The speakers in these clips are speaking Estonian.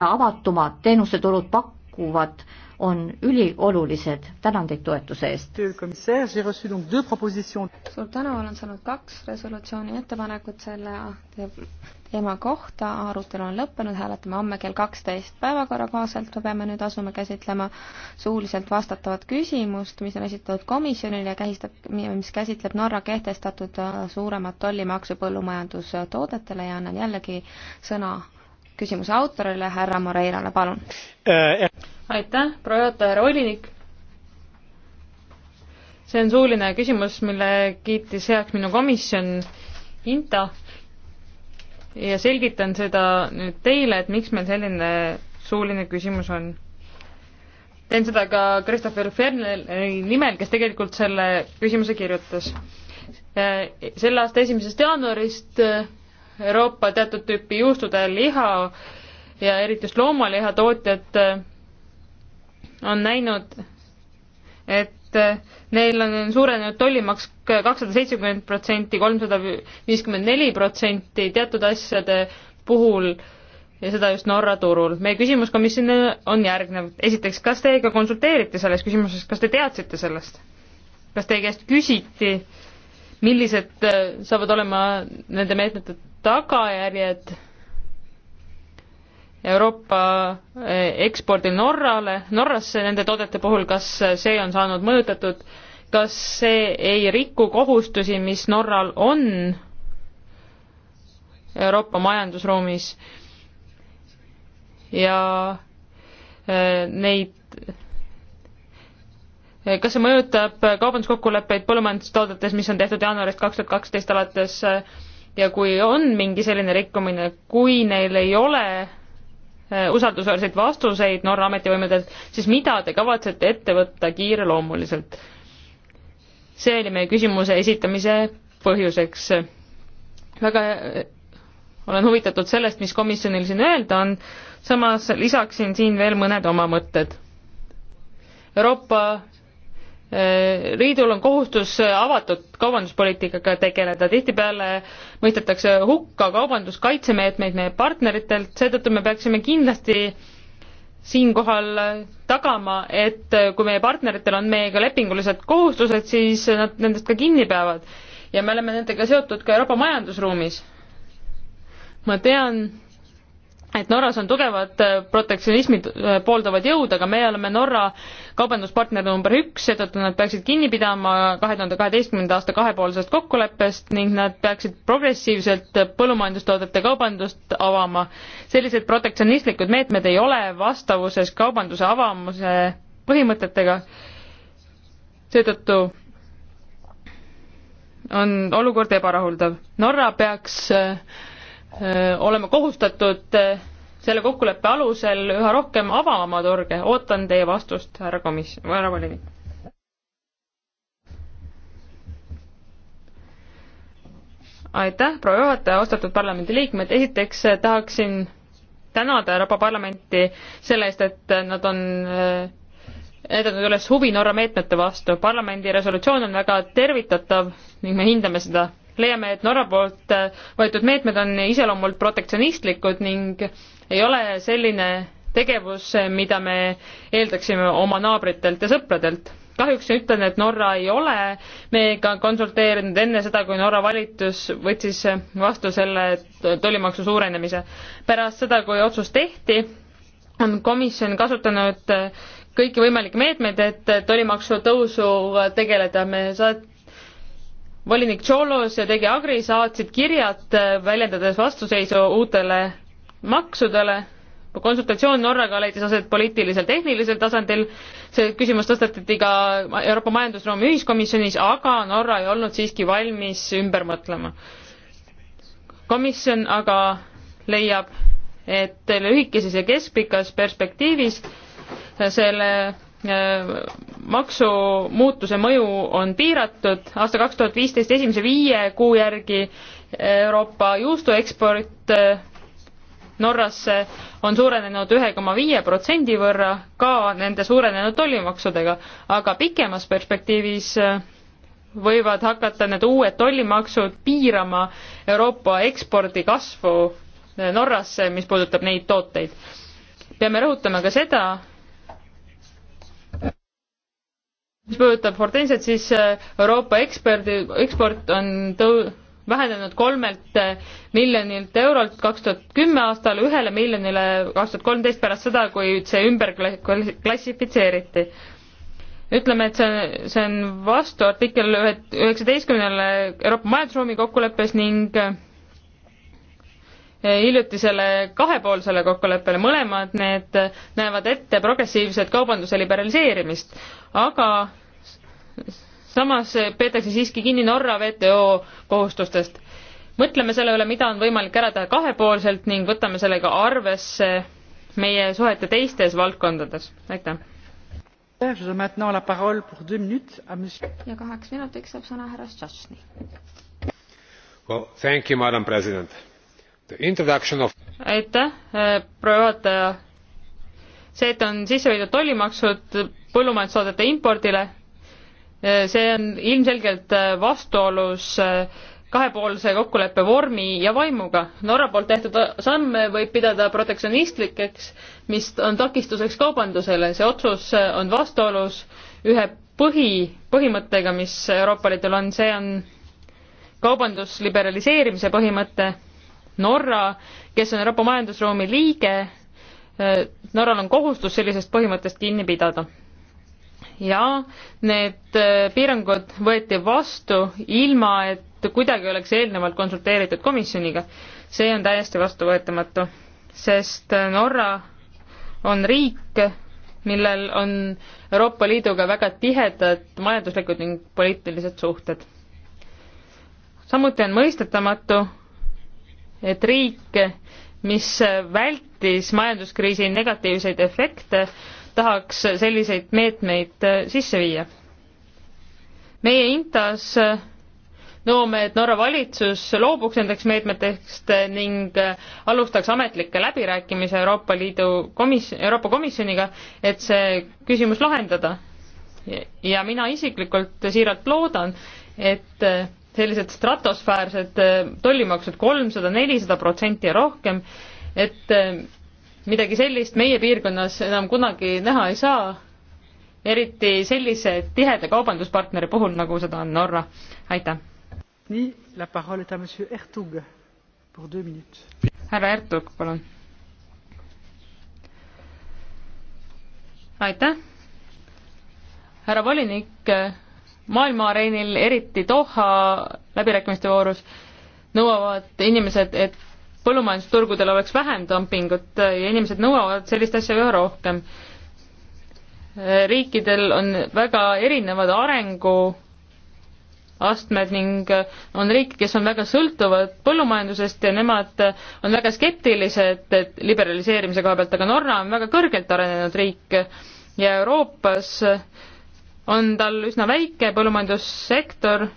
avatumad teenuseturud pakuvad, on üliolulised. tänan teid toetuse eest. suur tänu, olen saanud kaks resolutsiooni ettepanekut selle teema kohta, arutelu on lõppenud, hääletame homme kell kaksteist. päevakorra kohaselt me peame nüüd asuma käsitlema suuliselt vastatavat küsimust, mis on esitatud komisjonile ja kähistab, mis käsitleb Norra kehtestatud suuremat tollimaksu põllumajandustoodetele ja annan jällegi sõna küsimuse autorile, härra Moreirale, palun äh,. aitäh, proua juhataja, härra volinik. see on suuline küsimus, mille kiitis heaks minu komisjon INTA ja selgitan seda nüüd teile, et miks meil selline suuline küsimus on. teen seda ka Christopher Ferneri nimel, kes tegelikult selle küsimuse kirjutas. Äh, selle aasta esimesest jaanuarist äh, Euroopa teatud tüüpi juustude liha ja eriti just loomaliha tootjad äh, on näinud, et äh, neil on suurenenud tollimaks kakssada seitsekümmend protsenti, kolmsada viiskümmend neli protsenti teatud asjade puhul ja seda just Norra turul. meie küsimus komisjonile on järgnev. esiteks, kas teiega konsulteeriti selles küsimuses, kas te teadsite sellest? kas teie käest küsiti, millised äh, saavad olema nende meetmete tagajärjed Euroopa eh, ekspordil Norrale, Norrasse nende toodete puhul, kas see on saanud mõjutatud, kas see ei riku kohustusi, mis Norral on Euroopa majandusruumis ja eh, neid, eh, kas see mõjutab kaubanduskokkuleppeid põllumajandustoodetes, mis on tehtud jaanuarist kaks tuhat kaksteist alates ja kui on mingi selline rikkumine, kui neil ei ole äh, usaldusväärseid vastuseid Norra ametivõimudelt, siis mida te kavatsete ette võtta kiireloomuliselt? see oli meie küsimuse esitamise põhjuseks. väga äh, olen huvitatud sellest, mis komisjonil siin öelda on, samas lisaksin siin veel mõned oma mõtted. Euroopa liidul äh, on kohustus avatud kaubanduspoliitikaga tegeleda, tihtipeale mõistetakse hukka kaubanduskaitsemeetmeid meie partneritelt, seetõttu me peaksime kindlasti siinkohal tagama, et kui meie partneritel on meiega lepingulised kohustused, siis nad nendest ka kinni peavad. ja me oleme nendega seotud ka Euroopa majandusruumis. ma tean, et Norras on tugevad äh, protektsionismi äh, pooldavad jõud, aga meie oleme Norra kaubanduspartner number üks, seetõttu nad peaksid kinni pidama kahe tuhande kaheteistkümnenda aasta kahepoolsest kokkuleppest ning nad peaksid progressiivselt põllumajandustoodete kaubandust avama. sellised protektsionistlikud meetmed ei ole vastavuses kaubanduse avamuse põhimõtetega, seetõttu on olukord ebarahuldav. Norra peaks äh, oleme kohustatud selle kokkuleppe alusel üha rohkem avama oma turge. ootan teie vastust, härra komis-, härra volinik. aitäh, proua juhataja, austatud parlamendiliikmed, esiteks tahaksin tänada Euroopa Parlamenti selle eest, et nad on näidanud üles huvi Norra meetmete vastu. parlamendi resolutsioon on väga tervitatav ning me hindame seda leiame, et Norra poolt võetud meetmed on iseloomult protektsionistlikud ning ei ole selline tegevus, mida me eeldaksime oma naabritelt ja sõpradelt. kahjuks ütlen, et Norra ei ole meiega konsulteerinud enne seda, kui Norra valitsus võttis vastu selle tollimaksu suurenemise. pärast seda, kui otsus tehti, on komisjon kasutanud kõiki võimalikke meetmeid, et tollimaksu tõusu tegeleda. me saad-, volinik Tšolos ja tegi Agri saatsid kirjad, äh, väljendades vastuseisu uutele maksudele. konsultatsioon Norraga leidis aset poliitilisel, tehnilisel tasandil, see küsimus tõstatati ka Euroopa Majandusruumi Ühiskomisjonis, aga Norra ei olnud siiski valmis ümber mõtlema. komisjon aga leiab, et lühikeses ja keskpikas perspektiivis selle äh, maksumuutuse mõju on piiratud, aasta kaks tuhat viisteist esimese viie kuu järgi Euroopa juustueksport eh, Norrasse on suurenenud ühe koma viie protsendi võrra ka nende suurenenud tollimaksudega, aga pikemas perspektiivis eh, võivad hakata need uued tollimaksud piirama Euroopa ekspordi kasvu eh, Norrasse, mis puudutab neid tooteid. peame rõhutama ka seda, mis puudutab Fortenset, siis äh, Euroopa eksperdi, eksport on tõu-, vähenenud kolmelt äh, miljonilt eurolt kaks tuhat kümme aastal ühele miljonile kaks tuhat kolmteist pärast seda, kui see ümber klassifitseeriti. ütleme, et see on, see on vastu artikkel ühe, üheksateistkümnele Euroopa Majandusruumi kokkuleppes ning äh, hiljutisele kahepoolsele kokkuleppele, mõlemad need näevad ette progressiivset kaubanduse liberaliseerimist, aga samas peetakse siiski kinni Norra WTO kohustustest. mõtleme selle üle, mida on võimalik ära teha kahepoolselt ning võtame sellega arvesse meie suhete teistes valdkondades, aitäh. ja kaheks minutiks saab sõna härra Šašni. Well, thank you, Madam President Of... aitäh, eh, proua juhataja. see, et on sisse viidud tollimaksud põllumajandustoodete impordile, eh, see on ilmselgelt eh, vastuolus kahepoolse kokkuleppe vormi ja vaimuga. Norra poolt tehtud samme võib pidada protektsionistlikeks, mis on takistuseks kaubandusele. see otsus on vastuolus ühe põhi, põhimõttega, mis Euroopa Liidul on, see on kaubandusliberaliseerimise põhimõte Norra, kes on Euroopa Majandusruumi liige, äh, Norral on kohustus sellisest põhimõttest kinni pidada. ja need äh, piirangud võeti vastu ilma, et kuidagi oleks eelnevalt konsulteeritud komisjoniga. see on täiesti vastuvõetamatu, sest Norra on riik, millel on Euroopa Liiduga väga tihedad majanduslikud ning poliitilised suhted. samuti on mõistetamatu, et riik, mis vältis majanduskriisi negatiivseid efekte, tahaks selliseid meetmeid äh, sisse viia. meie Intas nõuame, äh, et Norra valitsus loobuks nendeks meetmetest äh, ning alustaks ametlikke läbirääkimisi Euroopa Liidu komis-, Euroopa Komisjoniga, et see küsimus lahendada. ja mina isiklikult siiralt loodan, et sellised stratosfäärsed äh, tollimaksud kolmsada, nelisada protsenti ja rohkem, et äh, midagi sellist meie piirkonnas enam kunagi näha ei saa, eriti sellise tiheda kaubanduspartneri puhul, nagu seda on Norra. aitäh! nii, la parole est à monsieur Ertug pour deux minutes. härra Ertug, palun. aitäh! härra volinik äh, maailma areenil, eriti Doha läbirääkimiste voorus, nõuavad inimesed, et põllumajandusturgudel oleks vähem dumpingut ja inimesed nõuavad sellist asja üha rohkem. riikidel on väga erinevad arenguastmed ning on riike, kes on väga sõltuvad põllumajandusest ja nemad on väga skeptilised liberaliseerimise koha pealt, aga Norra on väga kõrgelt arenenud riik ja Euroopas äh, on tal üsna väike põllumajandussektor.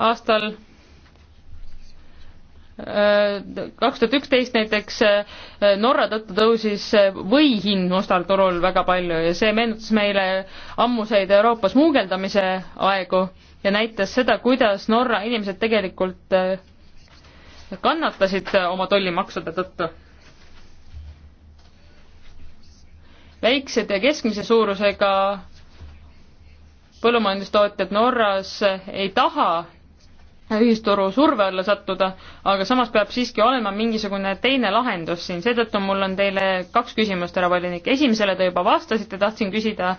aastal äh, kaks tuhat üksteist näiteks äh, Norra tõttu tõusis äh, või hind mustal turul väga palju ja see meenutas meile ammuseid Euroopa smuugeldamise aegu ja näitas seda, kuidas Norra inimesed tegelikult kannatasid oma tollimaksude tõttu. väiksed ja keskmise suurusega põllumajandustootjad Norras ei taha ühisturu surve alla sattuda, aga samas peab siiski olema mingisugune teine lahendus siin, seetõttu mul on teile kaks küsimust, härra volinik. esimesele te juba vastasite, tahtsin küsida,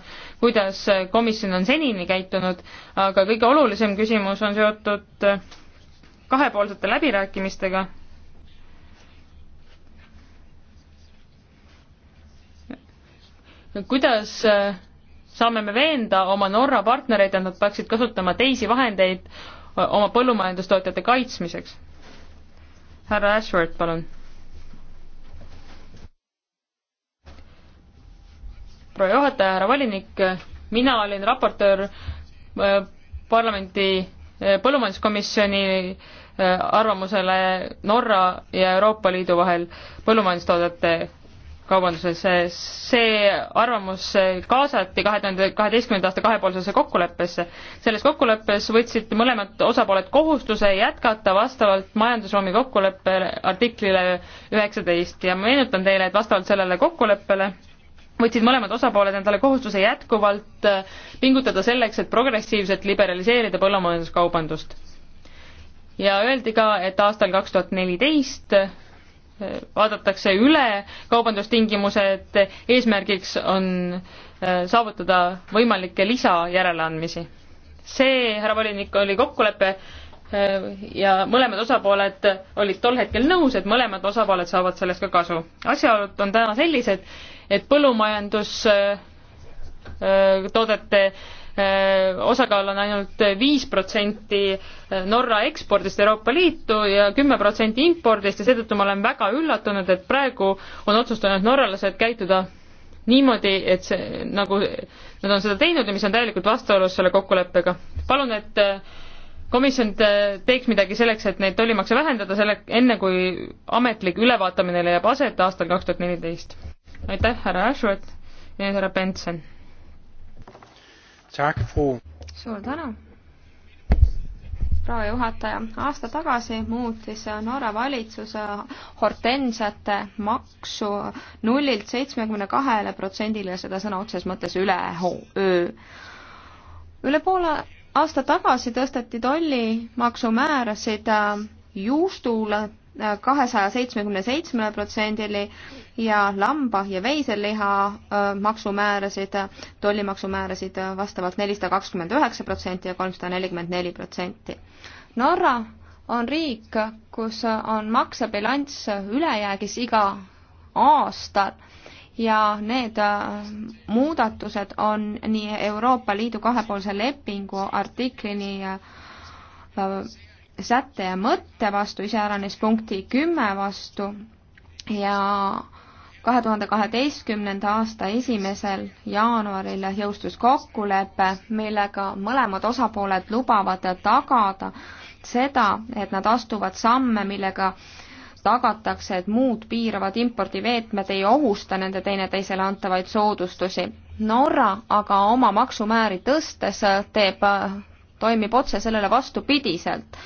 kuidas komisjon on senini käitunud, aga kõige olulisem küsimus on seotud kahepoolsete läbirääkimistega. kuidas saame me veenda oma Norra partnereid, et nad peaksid kasutama teisi vahendeid oma põllumajandustootjate kaitsmiseks. härra Ashworth, palun. proua juhataja, härra volinik, mina olin raportöör parlamendi põllumajanduskomisjoni arvamusele Norra ja Euroopa Liidu vahel põllumajandustoodete kaubanduses, see arvamus kaasati kahe tuhande kaheteistkümnenda aasta kahepoolsesse kokkuleppesse. selles kokkuleppes võtsid mõlemad osapooled kohustuse jätkata vastavalt majandusruumi kokkuleppele artiklile üheksateist ja ma meenutan teile, et vastavalt sellele kokkuleppele võtsid mõlemad osapooled endale kohustuse jätkuvalt pingutada selleks, et progressiivselt liberaliseerida põllumajanduskaubandust. ja öeldi ka, et aastal kaks tuhat neliteist vaadatakse üle kaubandustingimused, eesmärgiks on äh, saavutada võimalikke lisajäreleandmisi. see, härra volinik, oli kokkulepe äh, ja mõlemad osapooled olid tol hetkel nõus, et mõlemad osapooled saavad sellest ka kasu. asjaolud on täna sellised, et põllumajandus äh, toodete Äh, osakaal on ainult viis protsenti äh, Norra ekspordist Euroopa Liitu ja kümme protsenti impordist ja seetõttu ma olen väga üllatunud, et praegu on otsustanud norralased käituda niimoodi, et see nagu nad on seda teinud ja mis on täielikult vastuolus selle kokkuleppega. palun, et äh, komisjon teeks midagi selleks, et neid tollimakse vähendada selle, enne kui ametlik ülevaatamine leiab aset aastal kaks tuhat neliteist. aitäh, härra Ashworth ja härra Benson suur tänu proua juhataja, aasta tagasi muutis Norra valitsus hortensiate maksu nullilt seitsmekümne kahele protsendile, seda sõna otseses mõttes üleöö. üle poole aasta tagasi tõsteti tollimaksumäärasid äh, juustule kahesaja seitsmekümne seitsmele protsendini ja lamba- ja veiseliha maksumäärasid, tollimaksumäärasid vastavalt nelisada kakskümmend üheksa protsenti ja kolmsada nelikümmend neli protsenti. Norra on riik, kus on maksebilanss ülejäägis iga aastal ja need muudatused on nii Euroopa Liidu kahepoolse lepingu artiklini sätte ja mõtte vastu, iseäranis punkti kümme vastu ja kahe tuhande kaheteistkümnenda aasta esimesel jaanuaril jõustus kokkulepe, millega mõlemad osapooled lubavad tagada seda, et nad astuvad samme, millega tagatakse, et muud piiravad impordiveetmed ei ohusta nende teineteisele antavaid soodustusi. Norra aga oma maksumääri tõstes teeb, toimib otse sellele vastupidiselt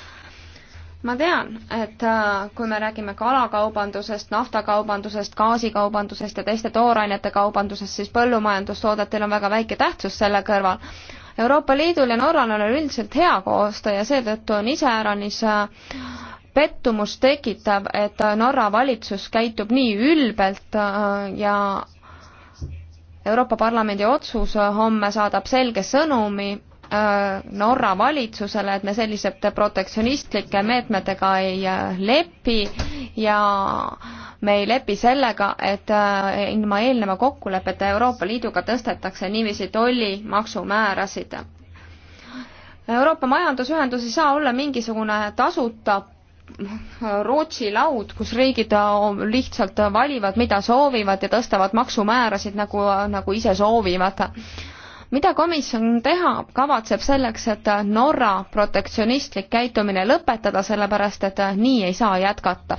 ma tean, et äh, kui me räägime kalakaubandusest, naftakaubandusest, gaasikaubandusest ja teiste toorainete kaubandusest, siis põllumajandustoodetel on väga väike tähtsus selle kõrval. Euroopa Liidul ja Norral on üldiselt hea koostöö ja seetõttu on iseäranis äh, pettumus tekitav, et äh, Norra valitsus käitub nii ülbelt ja Euroopa Parlamendi otsus homme saadab selge sõnumi Äh, Norra valitsusele, et me selliste protektsionistlike meetmetega ei äh, lepi ja me ei lepi sellega, et äh, ilma eelneva kokkuleppeta Euroopa Liiduga tõstetakse niiviisi tollimaksumäärasid. Euroopa Majandusühendus ei saa olla mingisugune tasuta Rootsi laud, kus riigid lihtsalt valivad, mida soovivad ja tõstavad maksumäärasid, nagu, nagu ise soovivad mida komisjon teha kavatseb selleks, et Norra protektsionistlik käitumine lõpetada, sellepärast et nii ei saa jätkata?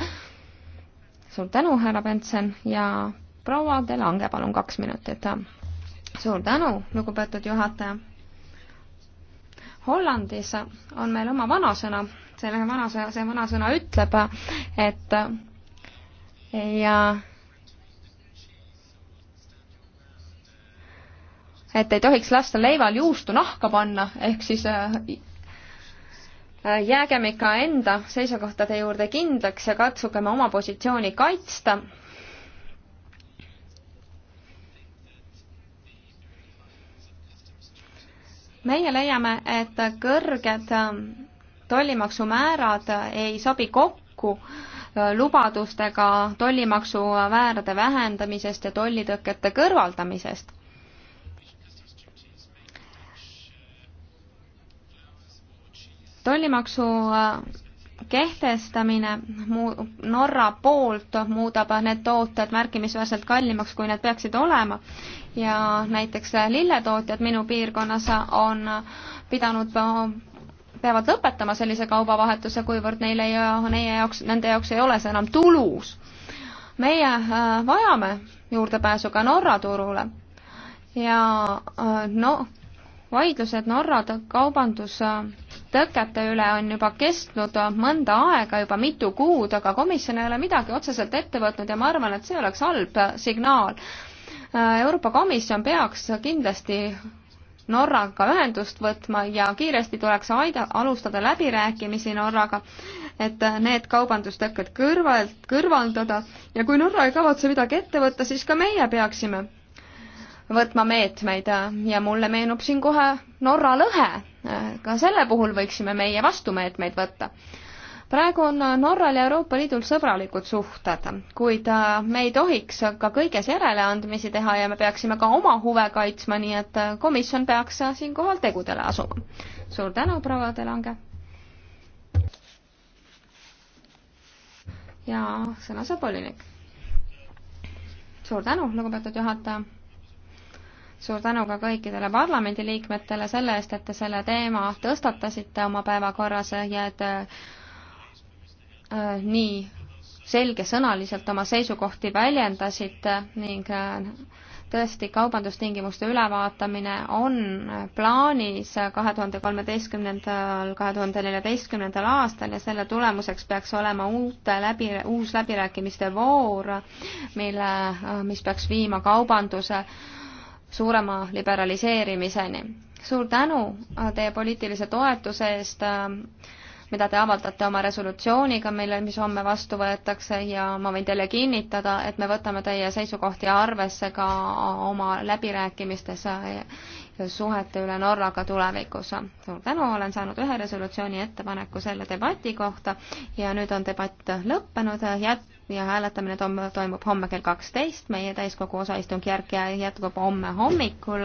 suur tänu, härra Bentsen ja proua De Lange, palun kaks minutit. suur tänu, lugupeetud juhataja. Hollandis on meil oma vanasõna, selle vanasõna, see vanasõna ütleb, et ja et ei tohiks lasta leival juustu nahka panna, ehk siis äh, äh, jäägem ikka enda seisukohtade juurde kindlaks ja katsugem oma positsiooni kaitsta. meie leiame, et kõrged äh, tollimaksumäärad ei sobi kokku lubadustega tollimaksumäärade vähendamisest ja tollitõkete kõrvaldamisest tollimaksu äh, kehtestamine muu-, Norra poolt muudab need tooted märkimisväärselt kallimaks, kui need peaksid olema ja näiteks äh, lilletootjad minu piirkonnas on äh, pidanud peavad lõpetama sellise kaubavahetuse, kuivõrd neile ja neie jaoks, nende jaoks ei ole see enam tulus. meie vajame juurdepääsu ka Norra turule ja no, vaidlused Norra kaubandus tõkete üle on juba kestnud mõnda aega, juba mitu kuud, aga komisjon ei ole midagi otseselt ette võtnud ja ma arvan, et see oleks halb signaal. Euroopa Komisjon peaks kindlasti Norraga ühendust võtma ja kiiresti tuleks aida-, alustada läbirääkimisi Norraga, et need kaubandustõkked kõrvalt, kõrvaldada ja kui Norra ei kavatse midagi ette võtta, siis ka meie peaksime võtma meetmeid ja mulle meenub siin kohe Norra lõhe ka selle puhul võiksime meie vastumeetmeid võtta. praegu on Norral ja Euroopa Liidul sõbralikud suhted, kuid äh, me ei tohiks ka kõiges järeleandmisi teha ja me peaksime ka oma huve kaitsma, nii et äh, komisjon peaks äh, siinkohal tegudele asuma. suur tänu, proua Delange. ja sõna saab volinik. suur tänu, lugupeetud juhataja suur tänu ka kõikidele parlamendiliikmetele selle eest, et te selle teema tõstatasite oma päevakorras ja et äh, nii selgesõnaliselt oma seisukohti väljendasite ning äh, tõesti, kaubandustingimuste ülevaatamine on plaanis kahe tuhande kolmeteistkümnendal, kahe tuhande neljateistkümnendal aastal ja selle tulemuseks peaks olema uute läbi, uus läbirääkimiste voor, mille, äh, mis peaks viima kaubanduse äh, suurema liberaliseerimiseni. suur tänu äh, teie poliitilise toetuse eest, äh, mida te avaldate oma resolutsiooniga, mille, mis homme vastu võetakse ja ma võin teile kinnitada, et me võtame teie seisukohti arvesse ka äh, oma läbirääkimistes suhete üle Norraga tulevikus. suur tänu, olen saanud ühe resolutsiooni ettepaneku selle debati kohta ja nüüd on debatt lõppenud, jät-, ja hääletamine toimub homme kell kaksteist, meie täiskogu osaistung järk jätkub homme hommikul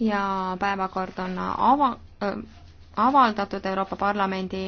ja päevakord on ava-, äh, avaldatud Euroopa Parlamendi